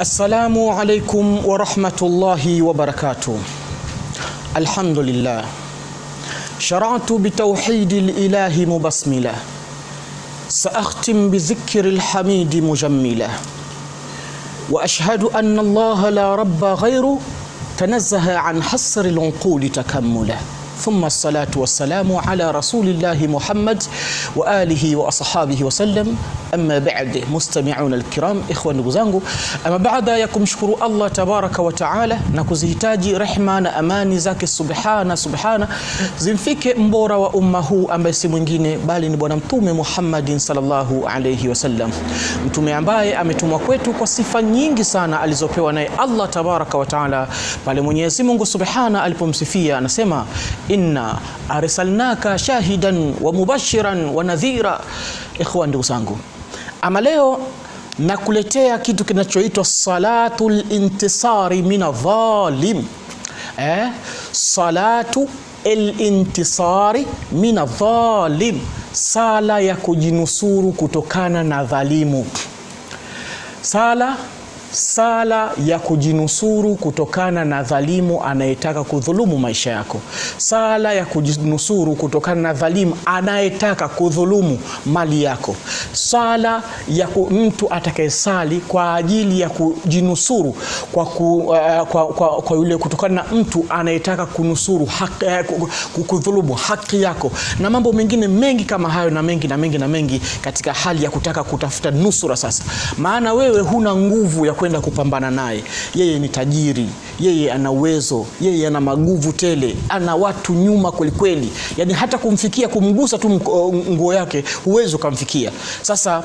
السلام عليكم ورحمة الله وبركاته الحمد لله شرعت بتوحيد الإله مبسملة سأختم بذكر الحميد مجملة وأشهد أن الله لا رب غيره تنزه عن حصر العقول تكمله thumma salatu wassalamu ala rasulillahi Muhammad wa alihi wa ashabihi wasallam. Amma ba'd, mustami'una alkiram, ikhwa, ndugu zangu, ama baada ya kumshukuru Allah tabaraka wa taala na kuzihitaji rehma na amani zake subhana subhana zimfike mbora wa umma huu ambaye si mwingine bali ni Bwana Mtume Muhammadin sallallahu alayhi wasallam, mtume ambaye ametumwa kwetu kwa sifa nyingi sana alizopewa naye Allah tabaraka wa taala pale Mwenyezi Mungu subhana alipomsifia anasema inna arsalnaka shahidan wa mubashiran wa nadhira. Ikhwan, ndugu zangu, ama leo nakuletea kitu kinachoitwa salatu lintisari min adhalim eh? Salatu lintisari min adhalim, sala ya kujinusuru kutokana na dhalimu, sala sala ya kujinusuru kutokana na dhalimu anayetaka kudhulumu maisha yako, sala ya kujinusuru kutokana na dhalimu anayetaka kudhulumu mali yako, sala ya mtu atakayesali kwa ajili ya kujinusuru kwa, ku, uh, kwa, kwa, kwa yule kutokana na mtu anayetaka kunusuru haki, uh, eh, kudhulumu haki yako na mambo mengine mengi kama hayo na mengi na mengi na mengi, katika hali ya kutaka kutafuta nusura sasa, maana wewe huna nguvu ya kwenda kupambana naye. Yeye ni tajiri, yeye ana uwezo, yeye ana maguvu tele, ana watu nyuma kwelikweli, Yani hata kumfikia, kumgusa tu nguo yake huwezi ukamfikia. Sasa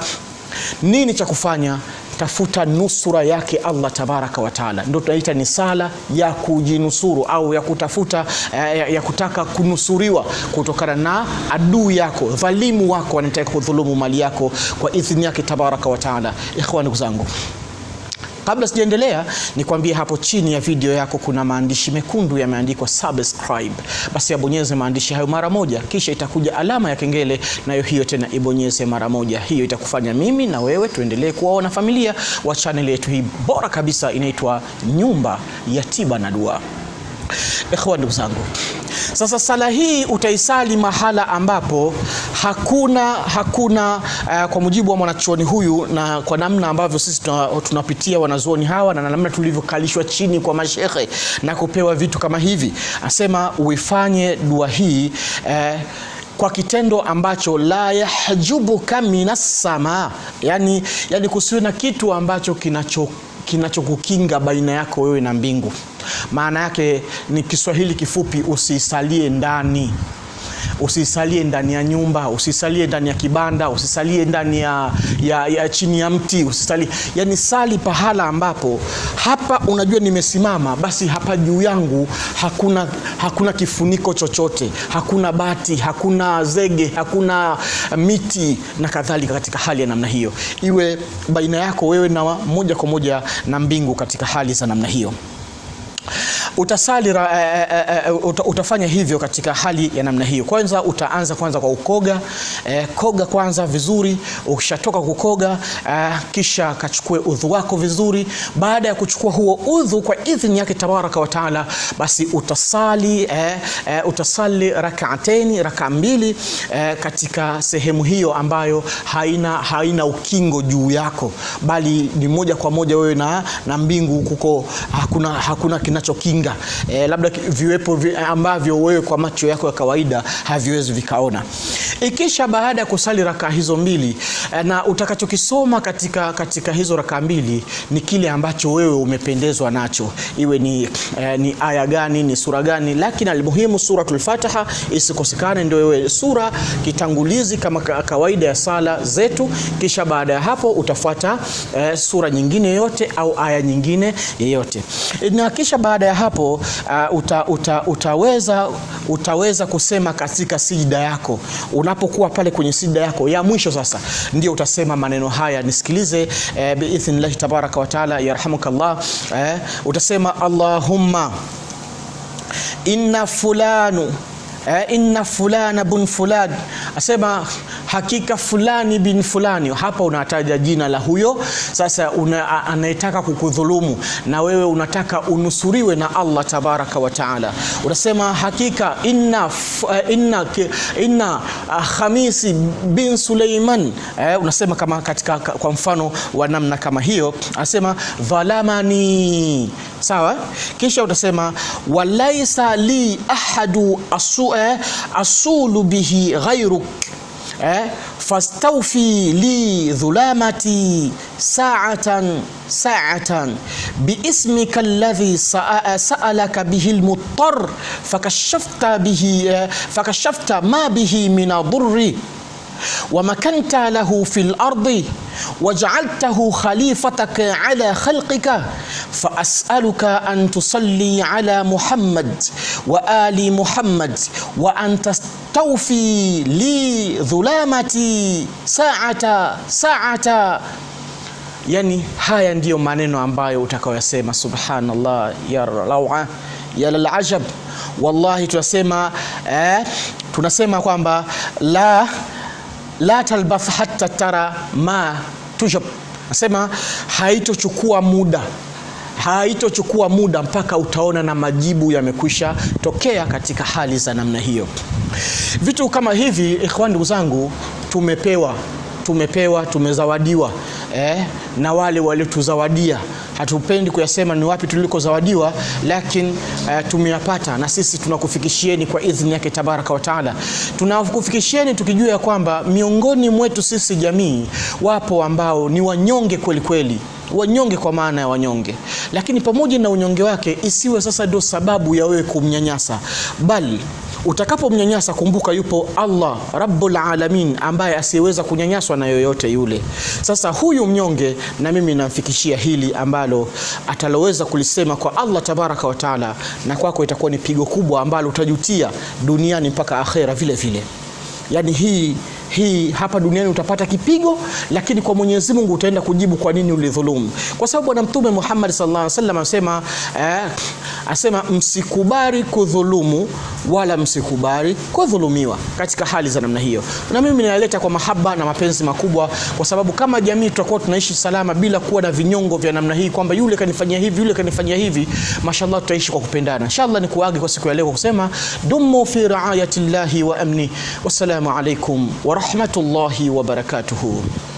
nini cha kufanya? Tafuta nusura yake Allah tabaraka wa taala, ndio tunaita ni sala ya kujinusuru au ya kutafuta eh, ya kutaka kunusuriwa kutokana na adui yako, dhalimu wako anataka kudhulumu mali yako kwa idhini yake tabaraka wa taala. Ikhwani zangu Kabla sijaendelea, nikwambie hapo chini ya video yako kuna maandishi mekundu yameandikwa subscribe. Basi abonyeze maandishi hayo mara moja, kisha itakuja alama ya kengele, nayo hiyo tena ibonyeze mara moja. Hiyo itakufanya mimi na wewe tuendelee kuwa wanafamilia wa chaneli yetu hii bora kabisa, inaitwa Nyumba ya Tiba na Dua ehwa ndugu zangu, sasa sala hii utaisali mahala ambapo hakuna hakuna uh, kwa mujibu wa mwanachuoni huyu na kwa namna ambavyo sisi tunapitia wanazuoni hawa na namna tulivyokalishwa chini kwa mashehe na kupewa vitu kama hivi, asema uifanye dua hii uh, kwa kitendo ambacho la yahjubuka minas sama, yani, yani kusiwe na kitu ambacho kinachokukinga kinacho baina yako wewe na mbingu maana yake ni Kiswahili kifupi, usisalie ndani usisalie ndani ya nyumba, usisalie ndani ya kibanda, usisalie ndani ya, ya, ya chini ya mti, usisalie yani, sali pahala ambapo hapa unajua nimesimama, basi hapa juu yangu hakuna, hakuna kifuniko chochote, hakuna bati, hakuna zege, hakuna miti na kadhalika. Katika hali ya namna hiyo, iwe baina yako wewe na moja kwa moja na mbingu katika hali za namna hiyo utasali ra, uh, uh, uh, utafanya hivyo katika hali ya namna hiyo. Kwanza utaanza kwanza kwa ukoga uh, eh, koga kwanza vizuri. Ukishatoka kukoga uh, kisha kachukue udhu wako vizuri. Baada ya kuchukua huo udhu kwa idhini yake tabaraka wa taala, basi utasali uh, uh, utasali rakaateni, raka mbili uh, katika sehemu hiyo ambayo haina, haina ukingo juu yako, bali ni moja kwa moja wewe na, na mbingu kuko hakuna, hakuna kinachokinga kawaida e, labda viwepo vi, ambavyo wewe kwa macho yako ya kawaida haviwezi vikaona. Ikisha baada ya kusali raka hizo mbili e, na utakachokisoma katika, katika hizo raka mbili ni kile ambacho wewe umependezwa nacho, iwe ni, e, ni aya gani ni sura gani, lakini almuhimu suratul Fatiha isikosekane, ndio wewe sura kitangulizi kama kawaida ya sala zetu. Kisha baada ya hapo utafuata e, sura nyingine yote au aya nyingine yoyote, na kisha baada ya hapo hapo uh, uta, uta, utaweza, utaweza kusema katika sijida yako. Unapokuwa pale kwenye sijida yako ya mwisho, sasa ndio utasema maneno haya, nisikilize eh, biidhnillahi tabaraka wa taala, yarhamukallah eh, utasema Allahumma inna fulanu eh, inna fulana bun fulan asema hakika fulani bin fulani, hapa unataja jina la huyo sasa anayetaka kukudhulumu, na wewe unataka unusuriwe na Allah tabaraka wa taala. Unasema hakika inna, inna, inna Khamisi bin Suleiman eh, unasema kama katika kwa mfano wa namna kama hiyo, anasema dhalamani, sawa. Kisha utasema walaisa li ahadu asu, eh, asulu bihi ghairuk eh, fastawfi li dhulamati sa'atan sa'atan biismika alladhi sa'alaka bihi almuttar fakashafta bihi eh, fakashafta ma bihi min dhurri ومكنت له في الارض وجعلته خليفتك على خلقك فاسالك ان تصلي على محمد وال محمد وان تست taufi li dhulamati saata saata. Yani, haya ndiyo maneno ambayo utakayoyasema. Subhanallah, ya lawa ya lalajab. Wallahi tunasema eh, tunasema kwamba la, la talbath hatta tara ma tujab, nasema haitochukua muda haitochukua muda mpaka utaona na majibu yamekwisha tokea katika hali za namna hiyo. Vitu kama hivi ikhwani, ndugu zangu, tumepewa tumepewa tumezawadiwa, eh, na wale waliotuzawadia. Hatupendi kuyasema ni wapi tulikozawadiwa, lakini eh, tumeyapata na sisi tunakufikishieni kwa idhini yake tabaraka wa taala. Tunakufikishieni tukijua ya kwamba miongoni mwetu sisi jamii wapo ambao ni wanyonge kweli kweli wanyonge kwa maana ya wanyonge, lakini pamoja na unyonge wake isiwe sasa ndio sababu ya wewe kumnyanyasa bali Utakapomnyanyasa kumbuka, yupo Allah Rabbul Alamin ambaye asiyeweza kunyanyaswa na yoyote yule. Sasa huyu mnyonge na mimi namfikishia hili ambalo ataloweza kulisema kwa Allah tabaraka wa taala, na kwako itakuwa ni pigo kubwa ambalo utajutia duniani mpaka akhera vile vile. Yani hii hii hapa duniani utapata kipigo, lakini kwa Mwenyezi Mungu utaenda kujibu kwa nini ulidhulumu, kwa sababu Bwana Mtume Muhammad sallallahu alaihi wasallam anasema eh, asema msikubali kudhulumu wala msikubali kudhulumiwa katika hali za namna hiyo. Na mimi naleta kwa mahaba na mapenzi makubwa, kwa sababu kama jamii tutakuwa tunaishi salama bila kuwa na vinyongo vya namna hii, kwamba yule kanifanyia hivi, yule kanifanyia hivi. Mashallah, tutaishi kwa kupendana. Inshallah, nikuage kwa siku ya leo kwa kusema dumu fi riayati llahi wa amni. Wassalamu alaikum warahmatullahi wabarakatuhu.